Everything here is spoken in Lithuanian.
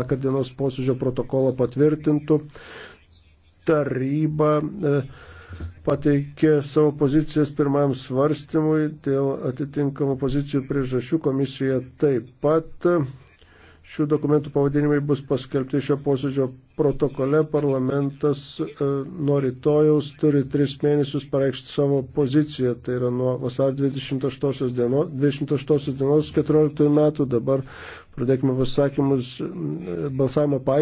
vakar dienos posėdžio protokolą patvirtintų. Taryba e, pateikė savo pozicijas pirmam svarstymui dėl atitinkamų pozicijų priežasčių. Komisija taip pat Šių dokumentų pavadinimai bus paskelbti šio posėdžio protokole. Parlamentas e, nuo rytojaus turi tris mėnesius pareikšti savo poziciją. Tai yra nuo vasario 28 dienos, 28 dienos 14 metų. Dabar pradėkime pasakymus balsavimo paaiškinimą.